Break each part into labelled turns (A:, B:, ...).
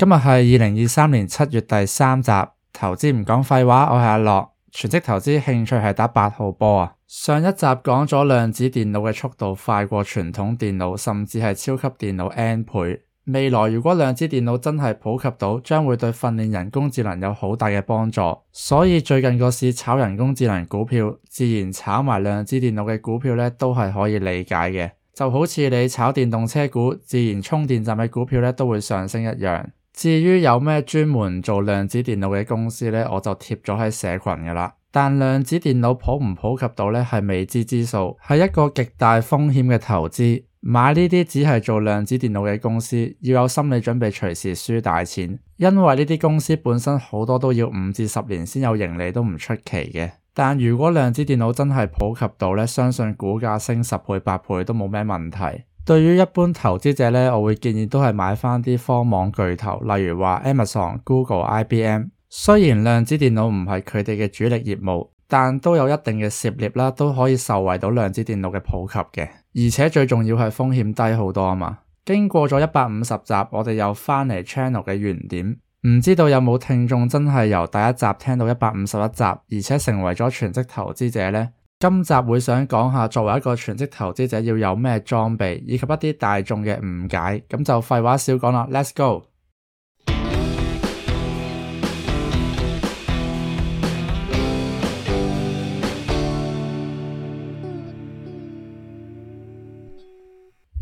A: 今日係二零二三年七月第三集，投資唔講廢話，我係阿樂，全職投資，興趣係打八號波啊。上一集講咗量子電腦嘅速度快過傳統電腦，甚至係超級電腦 N 倍。未來如果量子電腦真係普及到，將會對訓練人工智能有好大嘅幫助。所以最近個市炒人工智能股票，自然炒埋量子電腦嘅股票呢，都係可以理解嘅。就好似你炒電動車股，自然充電站嘅股票呢都會上升一樣。至於有咩專門做量子電腦嘅公司呢，我就貼咗喺社群噶啦。但量子電腦普唔普及到呢，係未知之數，係一個極大風險嘅投資。買呢啲只係做量子電腦嘅公司，要有心理準備隨時輸大錢，因為呢啲公司本身好多都要五至十年先有盈利都唔出奇嘅。但如果量子電腦真係普及到呢，相信股價升十倍、八倍都冇咩問題。對於一般投資者呢，我會建議都係買返啲科網巨頭，例如話 Amazon、Google、IBM。雖然量子電腦唔係佢哋嘅主力業務，但都有一定嘅涉獵啦，都可以受惠到量子電腦嘅普及嘅。而且最重要係風險低好多吖嘛！經過咗一百五十集，我哋又返嚟 Channel 嘅原點，唔知道有冇聽眾真係由第一集聽到一百五十一集，而且成為咗全職投資者呢？今集會想講下，作為一個全職投資者要有咩裝備，以及一啲大眾嘅誤解。咁就廢話少講啦，Let's go。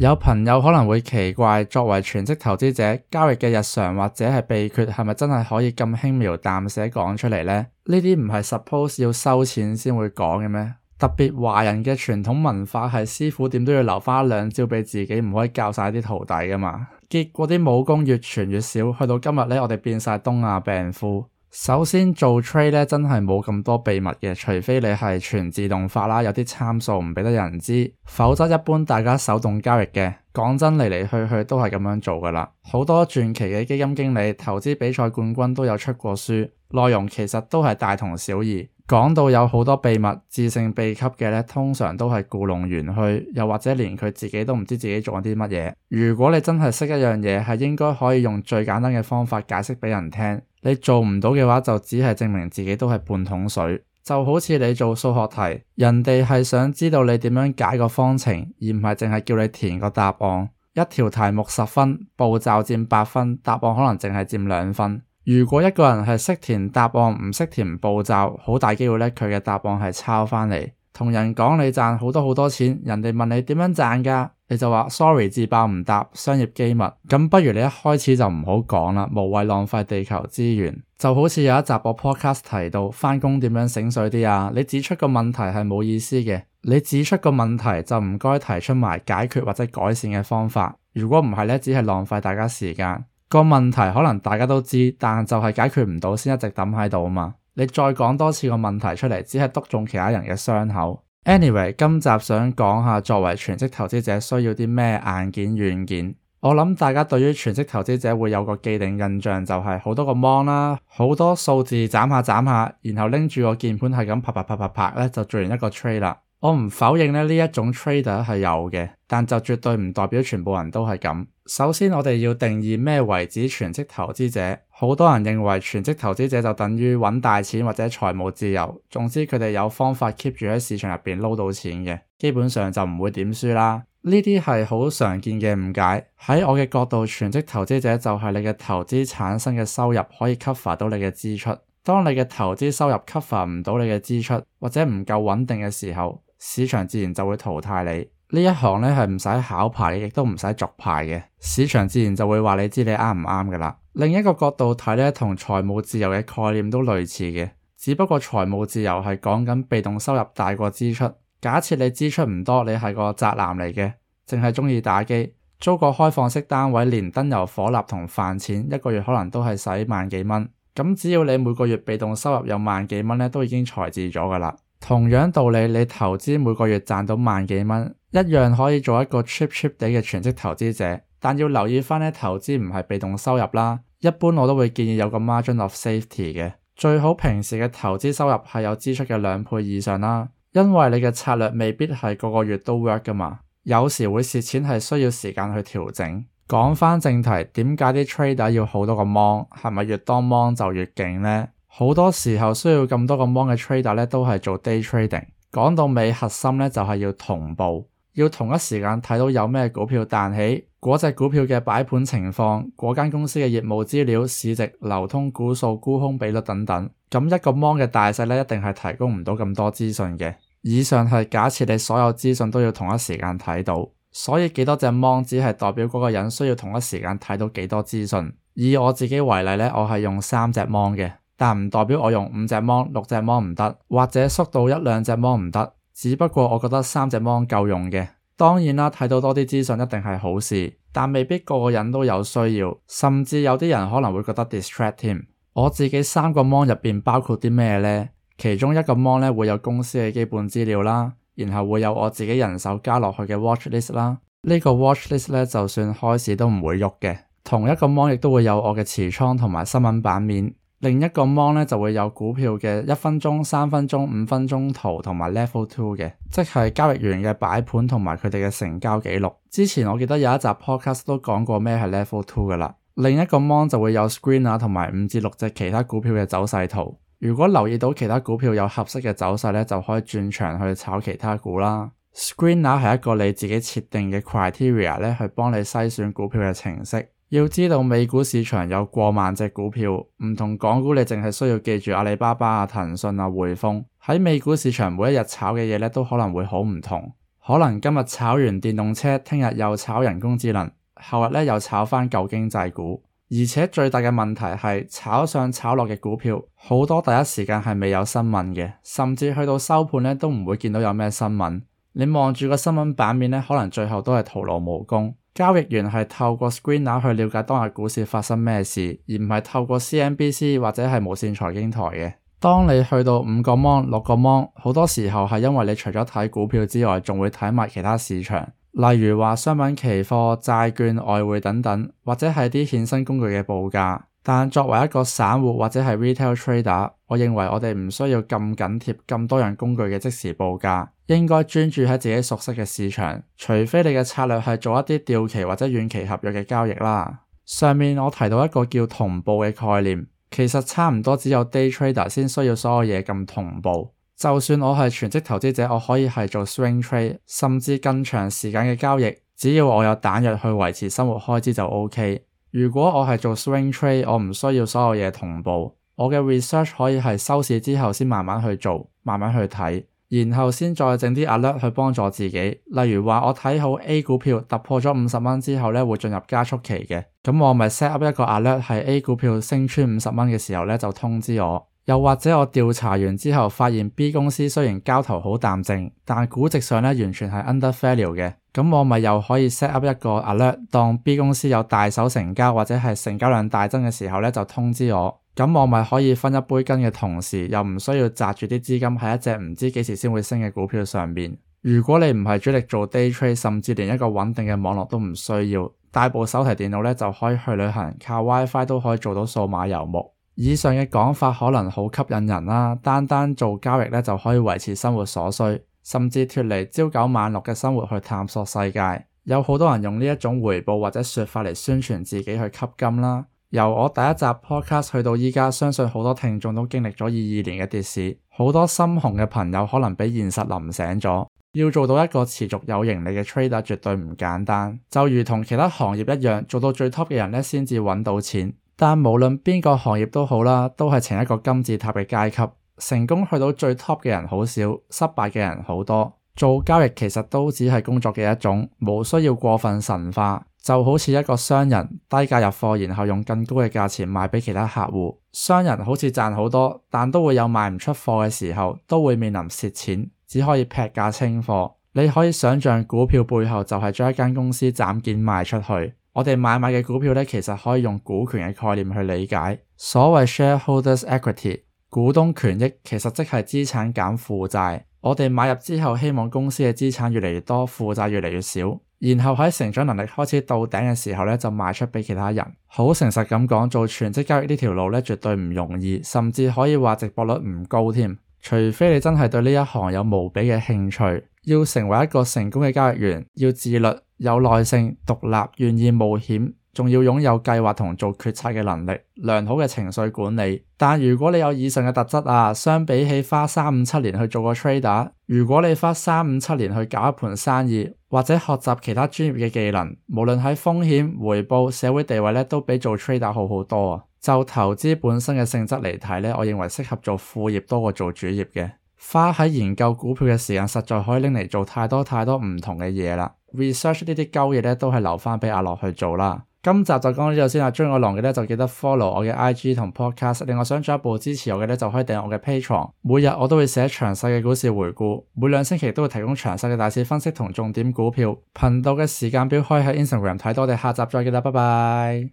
A: 有朋友可能會奇怪，作為全職投資者交易嘅日常或者係秘訣，係咪真係可以咁輕描淡寫講出嚟呢？呢啲唔係 suppose 要收錢先會講嘅咩？特別華人嘅傳統文化係師傅點都要留翻一兩招畀自己，唔可以教晒啲徒弟噶嘛。結果啲武功越傳越少，去到今日咧，我哋變晒東亞病夫。首先做 trade 咧，真係冇咁多秘密嘅，除非你係全自動化啦，有啲參數唔畀得人知，否則一般大家手動交易嘅。講真嚟嚟去去都係咁樣做噶啦。好多傳奇嘅基金經理、投資比賽冠軍都有出過書。內容其實都係大同小異，講到有好多秘密，自性秘笈嘅呢，通常都係故弄玄虛，又或者連佢自己都唔知自己做咗啲乜嘢。如果你真係識一樣嘢，係應該可以用最簡單嘅方法解釋畀人聽。你做唔到嘅話，就只係證明自己都係半桶水。就好似你做數學題，人哋係想知道你點樣解個方程，而唔係淨係叫你填個答案。一條題目十分，步驟佔八分，答案可能淨係佔兩分。如果一個人係識填答案唔識填步驟，好大機會呢，佢嘅答案係抄翻嚟。同人講你賺好多好多錢，人哋問你點樣賺㗎？你就話 Sorry 自爆唔答，商業機密。咁不如你一開始就唔好講啦，無謂浪費地球資源。就好似有一集我 podcast 提到翻工點樣醒水啲啊，你指出個問題係冇意思嘅，你指出個問題就唔該提出埋解決或者改善嘅方法。如果唔係呢，只係浪費大家時間。個問題可能大家都知，但就係解決唔到先一直抌喺度嘛。你再講多次個問題出嚟，只係篤中其他人嘅傷口。Anyway，今集想講下作為全職投資者需要啲咩硬件軟件。我諗大家對於全職投資者會有個既定印象，就係好多個芒啦，好多數字斬下斬下，然後拎住個鍵盤係咁啪啪啪拍拍呢，就做完一個 trade 啦。我唔否認咧呢一種 trader 係有嘅，但就絕對唔代表全部人都係咁。首先，我哋要定義咩為之全職投資者。好多人認為全職投資者就等於搵大錢或者財務自由，總之佢哋有方法 keep 住喺市場入面撈到錢嘅，基本上就唔會點輸啦。呢啲係好常見嘅誤解。喺我嘅角度，全職投資者就係你嘅投資產生嘅收入可以 cover 到你嘅支出。當你嘅投資收入 cover 唔到你嘅支出，或者唔夠穩定嘅時候，市場自然就會淘汰你。呢一行咧，係唔使考牌，亦都唔使續牌嘅。市場自然就會話你知你啱唔啱噶啦。另一個角度睇呢，同財務自由嘅概念都類似嘅，只不過財務自由係講緊被動收入大過支出。假設你支出唔多，你係個宅男嚟嘅，淨係中意打機，租個開放式單位，連燈油火蠟同飯錢，一個月可能都係使萬幾蚊。咁只要你每個月被動收入有萬幾蚊咧，都已經財自咗噶啦。同樣道理，你投資每個月賺到萬幾蚊，一樣可以做一個 che cheap cheap 地嘅全職投資者。但要留意返呢投資唔係被動收入啦。一般我都會建議有個 margin of safety 嘅，最好平時嘅投資收入係有支出嘅兩倍以上啦。因為你嘅策略未必係個個月都 work 㗎嘛，有時會蝕錢係需要時間去調整。講返正題，點解啲 trader 要好多個 mon？係咪越多 mon 就越勁呢？好多時候需要咁多個芒嘅 trader 咧，都係做 day trading。講到尾核心咧，就係要同步，要同一時間睇到有咩股票彈起，嗰隻股票嘅擺盤情況，嗰間公司嘅業務資料、市值、流通股數、沽空比率等等。咁一個芒嘅大細咧，一定係提供唔到咁多資訊嘅。以上係假設你所有資訊都要同一時間睇到，所以幾多隻芒只係代表嗰個人需要同一時間睇到幾多資訊。以我自己為例呢，我係用三隻芒嘅。但唔代表我用五隻芒、六隻芒唔得，或者縮到一兩隻芒唔得。只不過我覺得三隻芒夠用嘅。當然啦，睇到多啲資訊一定係好事，但未必個個人都有需要，甚至有啲人可能會覺得 distracted 添。我自己三個芒入邊包括啲咩呢？其中一個芒呢，會有公司嘅基本資料啦，然後會有我自己人手加落去嘅 watch list 啦。呢個 watch list 咧就算開市都唔會喐嘅。同一個芒亦都會有我嘅持倉同埋新聞版面。另一個 mon 咧就會有股票嘅一分鐘、三分鐘、五分鐘圖同埋 level two 嘅，即係交易員嘅擺盤同埋佢哋嘅成交記錄。之前我記得有一集 podcast 都講過咩係 level two 噶啦。另一個 mon 就會有 screener 同埋五至六隻其他股票嘅走勢圖。如果留意到其他股票有合適嘅走勢咧，就可以轉場去炒其他股啦。Screener 係一個你自己設定嘅 criteria 咧，去幫你篩選股票嘅程式。要知道美股市場有過萬隻股票，唔同港股你淨係需要記住阿里巴巴啊、騰訊啊、匯豐。喺美股市場每一日炒嘅嘢咧都可能會好唔同，可能今日炒完電動車，聽日又炒人工智能，後日又炒返舊經濟股。而且最大嘅問題係炒上炒落嘅股票，好多第一時間係未有新聞嘅，甚至去到收盤都唔會見到有咩新聞。你望住個新聞版面，可能最後都係徒勞無功。交易員係透過 screener 去了解當日股市發生咩事，而唔係透過 CNBC 或者係無線財經台嘅。當你去到五個芒、六個芒，好多時候係因為你除咗睇股票之外，仲會睇埋其他市場，例如話商品期貨、債券、外匯等等，或者係啲衍生工具嘅報價。但作為一個散戶或者係 retail trader，我認為我哋唔需要咁緊貼咁多樣工具嘅即時報價，應該專注喺自己熟悉嘅市場，除非你嘅策略係做一啲掉期或者遠期合約嘅交易啦。上面我提到一個叫同步嘅概念，其實差唔多只有 day trader 先需要所有嘢咁同步。就算我係全職投資者，我可以係做 swing trade，甚至更長時間嘅交易，只要我有彈藥去維持生活開支就 OK。如果我係做 swing trade，我唔需要所有嘢同步，我嘅 research 可以係收市之後先慢慢去做，慢慢去睇，然後先再整啲 alert 去幫助自己。例如話我睇好 A 股票突破咗五十蚊之後咧，會進入加速期嘅，咁我咪 set up 一個 alert 係 A 股票升穿五十蚊嘅時候咧，就通知我。又或者我調查完之後，發現 B 公司雖然交投好淡靜，但估值上呢完全係 under value 嘅，咁我咪又可以 set up 一個 alert，當 B 公司有大手成交或者係成交量大增嘅時候呢，就通知我，咁我咪可以分一杯羹嘅同時，又唔需要揸住啲資金喺一隻唔知幾時先會升嘅股票上面。如果你唔係主力做 day trade，甚至連一個穩定嘅網絡都唔需要，帶部手提電腦呢就可以去旅行，靠 WiFi 都可以做到數碼遊牧。以上嘅講法可能好吸引人啦，單單做交易呢就可以維持生活所需，甚至脫離朝九晚六嘅生活去探索世界。有好多人用呢一種回報或者說法嚟宣傳自己去吸金啦。由我第一集 podcast 去到依家，相信好多聽眾都經歷咗二二年嘅跌市，好多深紅嘅朋友可能畀現實淋醒咗。要做到一個持續有盈利嘅 trader，絕對唔簡單，就如同其他行業一樣，做到最 top 嘅人呢先至搵到錢。但無論邊個行業都好啦，都係呈一個金字塔嘅階級，成功去到最 top 嘅人好少，失敗嘅人好多。做交易其實都只係工作嘅一種，無需要過分神化。就好似一個商人低價入貨，然後用更高嘅價錢賣俾其他客戶。商人好似賺好多，但都會有賣唔出貨嘅時候，都會面臨蝕錢，只可以劈價清貨。你可以想象股票背後就係將一間公司斬件賣出去。我哋買賣嘅股票呢，其實可以用股權嘅概念去理解。所謂 shareholders’ equity 股東權益，其實即係資產減負債。我哋買入之後，希望公司嘅資產越嚟越多，負債越嚟越少。然後喺成長能力開始到頂嘅時候呢，就賣出俾其他人。好誠實咁講，做全職交易呢條路呢，絕對唔容易，甚至可以話直播率唔高添。除非你真係對呢一行有無比嘅興趣，要成為一個成功嘅交易員，要自律。有耐性、獨立、願意冒險，仲要擁有計劃同做決策嘅能力，良好嘅情緒管理。但如果你有以上嘅特質啊，相比起花三五七年去做個 trader，如果你花三五七年去搞一盤生意，或者學習其他專業嘅技能，無論係風險、回報、社會地位咧，都比做 trader 好好多啊。就投資本身嘅性質嚟睇咧，我認為適合做副業多過做主業嘅。花喺研究股票嘅時間，實在可以拎嚟做太多太多唔同嘅嘢啦。Research 呢啲溝嘢咧，都係留翻畀阿樂去做啦。今集就講到呢度先啦。中意我哋嘅咧，就記得 follow 我嘅 IG 同 podcast。另外想進一步支持我嘅咧，就可以訂閱我嘅 Patreon。每日我都會寫詳細嘅股市回顧，每兩星期都會提供詳細嘅大市分析同重點股票。頻道嘅時間表可以喺 Instagram 睇到，我哋下集再見啦，拜拜。